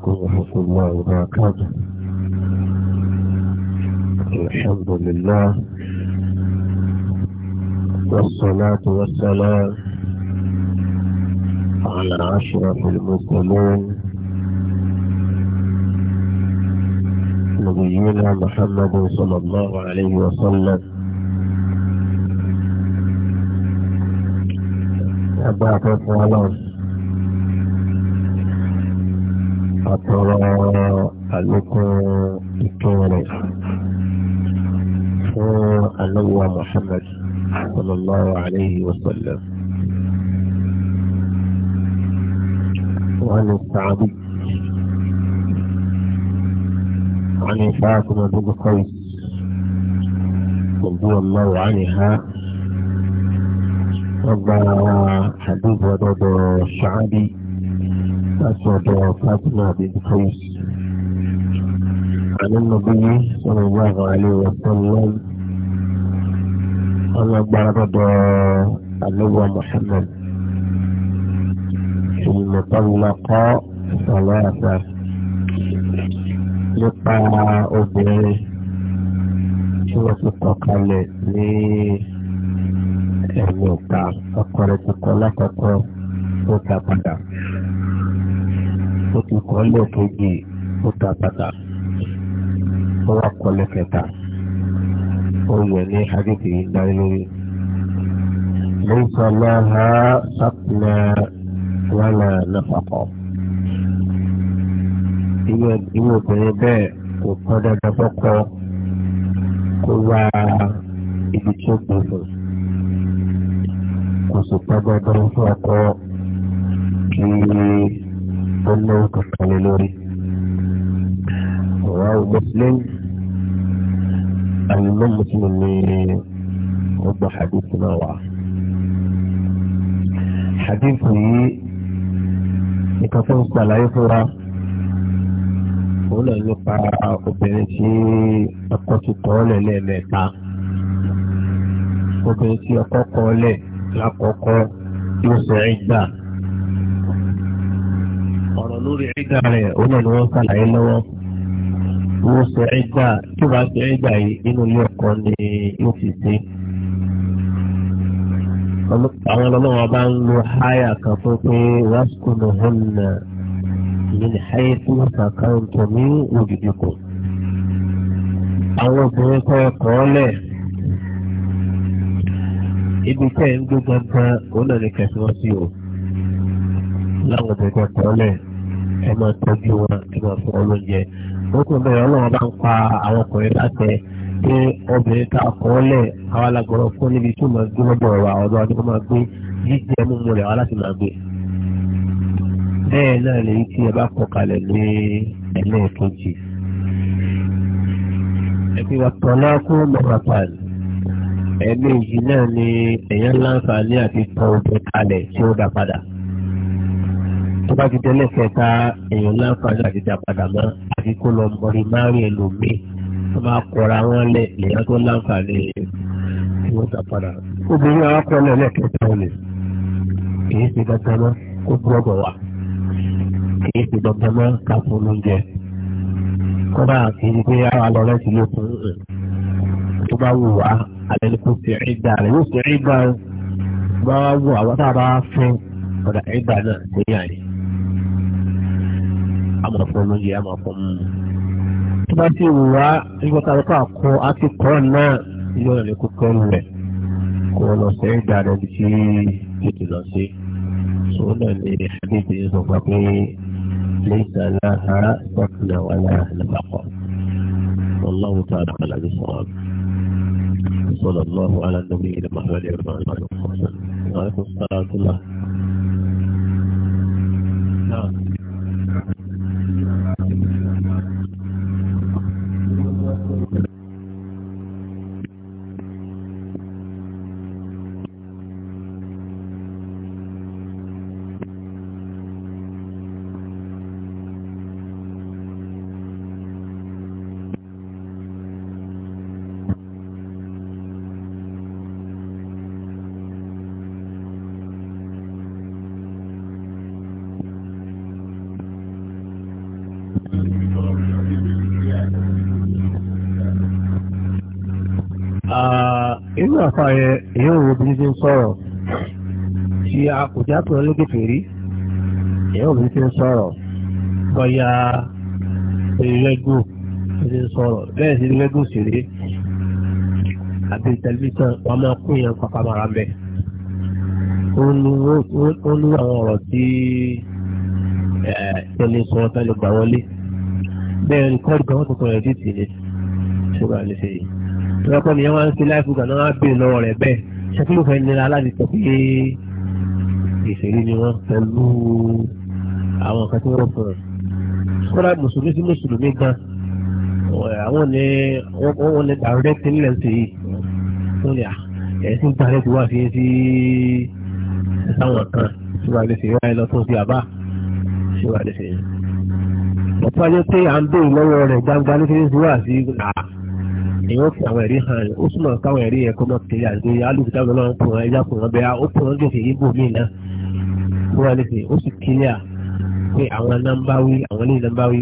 عليكم ورحمة الله وبركاته الحمد لله والصلاة والسلام على أشرف المسلمين نبينا محمد صلى الله عليه وسلم أباك الله àtọrọ àlékún ìkẹrẹ fún anáwó Muhammad sallallahu alayhi wa sallam وعن السعدي عن فاطمة بن قيس رضي الله عنها رضى حديث ودود الشعبي látọ̀dọ̀ Fatima bin Qais. Ànímọ̀bíyí sọ̀rọ̀ ìwé àwọn àlè ọ̀sán lọ́wọ́. Wọ́n lọ gbára dọ̀dọ̀ àlẹ́wọ̀ Mùhàmmad. Ìmọ̀tọ́lọ́kọ́ sọ̀rọ̀ àṣà nípa obìnrin tí wọ́n ti kọ̀ kalẹ̀ ní ẹ̀mí ọ̀tá ọkọ̀ rẹ̀ ti kọ́ lákọ̀ọ́kọ́ ó ta padà ó ti kọ́lé kejì ó ta bàtà ó wà kọ́lé kẹta ó yẹ ní hadith yìí dárí lórí. ليس لها سقنا ولا نفقا ìwé ìwé obìnrin bẹ́ẹ̀ kò kọ́ dandan fọ́kọ́ kó wá ibi tí ó gbé fún kò sì pẹ́ dandan fún ọkọ kí ìdáná ọkàn kan lórí. Rawahu Muslim, Al-Imam Muslim ní ọgbà hadith náà wà. Hadith yìí nìkan tó ń ṣàlàyé fúnra. Òun náà nípa obìnrin tí ọkọ ti tọ́ lẹ́lẹ́ mẹ́ta. Obìnrin tí ọkọ kọ́ lẹ̀ lákọ̀ọ́kọ́ yóò sọ ẹ́ gbà ọ̀rọ̀ lórí ẹ̀dá rẹ̀ òun náà ni wọ́n ṣàlàyé lọ́wọ́ wọ́n sọ ẹ̀dá tí wọ́n sọ ẹ̀dá yìí nínú ilé ọkọ ni yóò fi ṣe. àwọn ọlọ́wọ́ bá ń lo háyà kan fún pé rásùkùnù hànà ìyẹn háyà tí wọ́n ṣàkáǹtọ̀ ní òdìdí kan. àwọn obìnrin kọ́ ẹ̀kọ́ lẹ̀ ibi tẹ́ ń gbé gbọ́ngàn òun náà ni kẹsàn sí o láwọn obìnrin kọ́ ẹ̀kọ́ lẹ̀ ẹ máa tọ́jú wọn ẹ máa fún wọn lóúnjẹ. wọ́n tún bẹ̀rẹ̀ ọlọ́run bá ń pa àwọn ọkùnrin láṣẹ pé obìnrin tá a kọ́ lẹ̀ àwa la gbọ́dọ̀ fún níbi tí màá gbé lọ́dọ̀ wa ọ̀dọ̀ àdúgbò máa gbé jíjẹ mímu rẹ̀ wá láti máa gbé. bẹ́ẹ̀ náà lè ti ẹ bá kọ kalẹ̀ ní ẹlẹ́ẹ̀kejì. ẹ̀fí wa tọ̀ náà kó mọ̀ràn ẹgbẹ́ yìí náà ni èèyàn láǹfààní àti tọ̀ ọ̀bẹ kalẹ̀ tí ó dá padà tó bá ti délé kẹta èèyàn láǹfààní àti dàpadà mọ́ àti kó lọ mọ̀rí márùn ẹlòmíì tó máa kọra wọn lẹ̀ lèyàn tó láǹfààní tí wọ́n dàpadà. obìnrin àwọn akọ lẹ̀ kẹta ọ̀nà kìí ṣe dandan mọ́ kó gbọ́dọ̀ wà kìí ṣe dandan mọ́ ká fún oúnjẹ kọ́dà kìí ṣe pé àwọn alọ́ ti lè fún tó bá wù wá alẹ́ ní kò sí ìgbà rẹ̀ yóò sí ìgbà bá wù àwọn tá a bá fún ọ̀dà ìgbà náà àmọ̀ fún oúnjẹ àmọ̀ fún un. tó bá sì wù wá ìgbọ́ta lọ́kọ̀ àkọ́ àti kọ́ náà yóò lè kókó rẹ̀ kó lọ sí ìgbà rẹ̀ bí tí yóò ti lọ sí. tó náà lè ṣàdéjì sọ pé pé ليس لها سكن ولا نفقة والله تعالى على الصواب صلى الله على النبي محمد وعلى اله وصحبه وسلم وعليكم السلام ورحمه الله àfa yẹn èyí ò wo bí ṣe ń sọ̀rọ̀ tí a kò já pé olókèké rí èyí ò bí ṣe ń sọ̀rọ̀ bọ́yá erégù ṣe ń sọ̀rọ̀ bẹ́ẹ̀ sí erégù sì rí àbí tẹlifíṣàn wọn máa kún yẹn pàpà màrà mẹ́ ó ní àwọn ọ̀rọ̀ tí tẹ́lẹ̀ sọ tẹ́lẹ̀ gbà wọlé bẹ́ẹ̀ ni kọ́ọ̀dù kan tuntun rẹ̀ dì tì ní ṣùgbọ́n àlẹ́ ṣe yìí lọ́pọ̀ nìyẹn wá ń ṣe láìpù gànà wá bèèrè lọ́wọ́ rẹ̀ bẹ́ẹ̀ ṣé kí ló fẹ́ nira láti sọ pé ìṣèlú ni wọ́n pẹ̀lú àwọn kan tí wọ́n fún un kọ́lá mùsùlùmí sí mùsùlùmí gan àwọn ni wọ́n ní direct nílẹ̀ ń ṣe yìí wọ́n ní ẹ̀sìn direct wá fi sí sáwọn kan tí wọ́n lè ṣe wá ẹ àbá tí wọ́n lè ọ̀pọ̀ ajé pé à ń bèèrè lọ́wọ́ rẹ̀ gbangba ní kí ní ti wá sí àá. èèyàn fi àwọn ẹ̀rí hàn ó súnmọ́ káwọn ẹ̀rí ẹ̀kọ́ máa tẹ̀lé àti alùpùpù táwọn náà kùn án ẹja kùn án bẹ́ẹ̀ ó kùn án gbèsè yíbò mí náà fún wa níbi ó sì kílíà pé àwọn nọ́mbà wí àwọn ilé nọ́mbà wí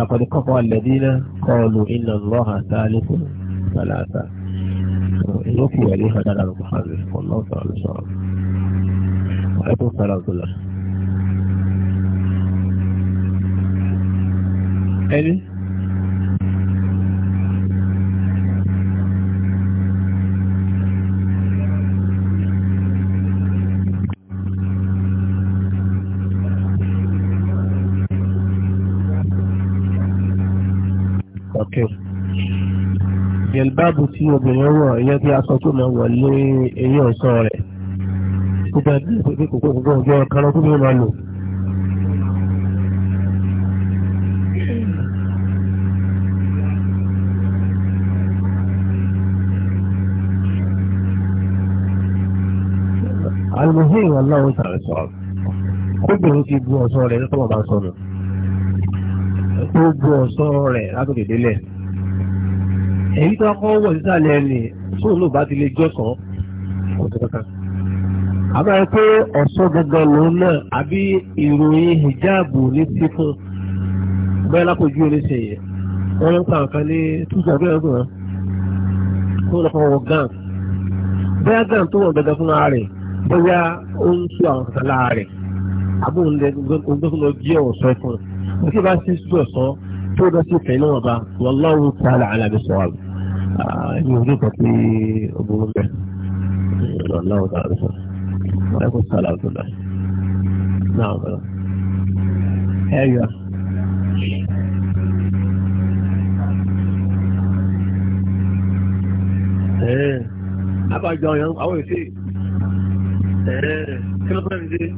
lakọ̀dé kọ́kọ́ alẹ́dínà kọlu iná lọ́hà sáálẹ́kù sálàtà èèyàn fi ẹ̀rí hàn dáadáa lọ́kọ̀ hàn mí ọlọ́run sọ̀rọ̀ sọ̀rọ̀ ẹni jẹ̀lbáàbù tí obìnrin wọ̀ ẹ̀yẹ́ bí aṣọ tó máa wọ̀ lé eyín ọ̀sán rẹ̀ tó bá dé pé kòkó kòkó ọjọ́ kan tó bí máa lò. alùmọ̀hìn aláwọ̀ sàrẹ̀ sọ̀rọ̀ kóbìnrin ti bu ọ̀sán rẹ̀ tó wọ́n sọnù tó bu ọ̀sán rẹ̀ látòkè délẹ̀. èyí tó kọ́ wọ̀ sísàlẹ̀ ẹni tóun ló bá ti lè jọ́sọ̀ kò tó kankan. àbáyọ pé ọ̀ṣọ́ gangan lòun náà àbí ìròyìn hijab ní fún bẹ́ẹ̀ lápòjú oníṣẹ́ wọ́n ń pa nǹkan ní ọdún wọn tó lọ́kọ́ wọ bẹ́ẹ̀ tó fún ara rẹ̀ bóyá ó ń tú àwọn lára rẹ̀ àbóhùn tó ìfẹ́ náà bá tààlà yóò ní nǹkan tí ó burú bẹ́ẹ̀ lọ́wọ́ tá a lè sọ wọ́n kò sọ àlàáfíà náà náà bẹ̀rẹ̀ ẹ yọ. abájọ àwọn èsì kí ló fẹ́ẹ́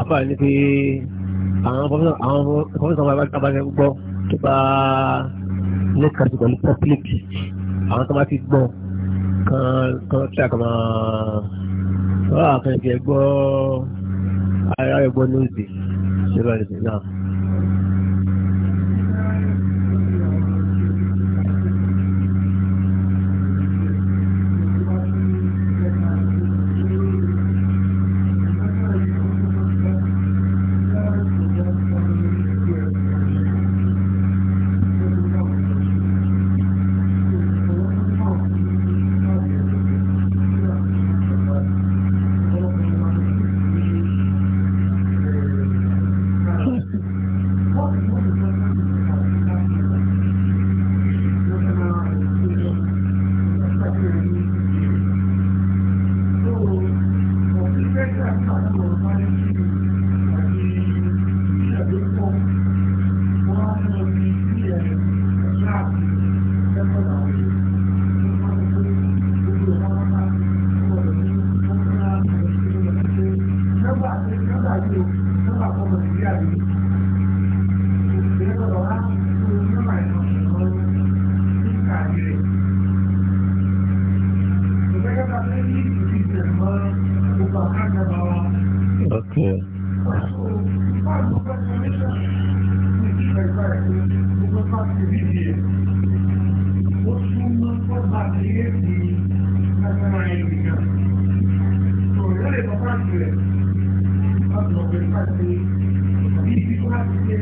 àbá ní pé àwọn pọfẹ́sọ̀ àwọn abájẹ́ gbọ́ tó bá ní kàtí pẹ̀lú public àwọn tó bá ti gbọ́ kan tí a kàn máa wọ́n àkànjẹ́ gbọ́ ara ẹ̀gbọ́n ní òde ṣé bá lè ṣe náà. Okay. Thank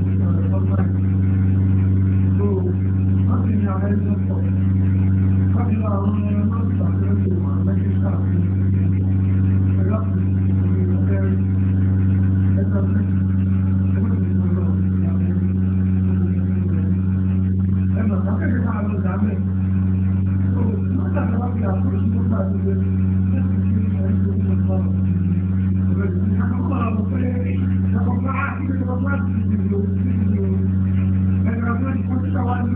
dábẹ̀ tó nígbà tí wọ́n fi àkóso tó gbà tó lé lẹ́sìn tí ìṣẹ́ ìṣẹ́ ìṣẹ́ ìṣẹ́ ìṣẹ́ àkókò àwọn pé ìṣàkóso àti ìṣàkóso àti ìṣèlú ìṣèlú ẹ̀rọ ọ̀gbọ́n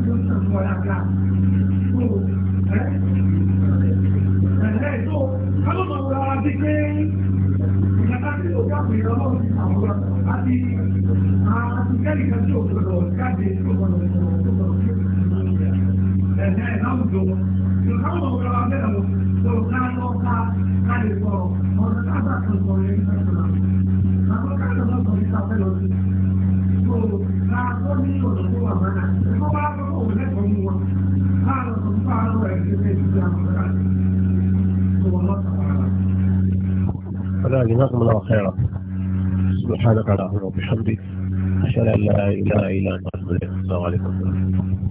ìṣàkóso wa ní جزاكم الله خيرا سبحانك اللهم وبحمدك اشهد ان لا اله الا انت استغفرك واتوب اليك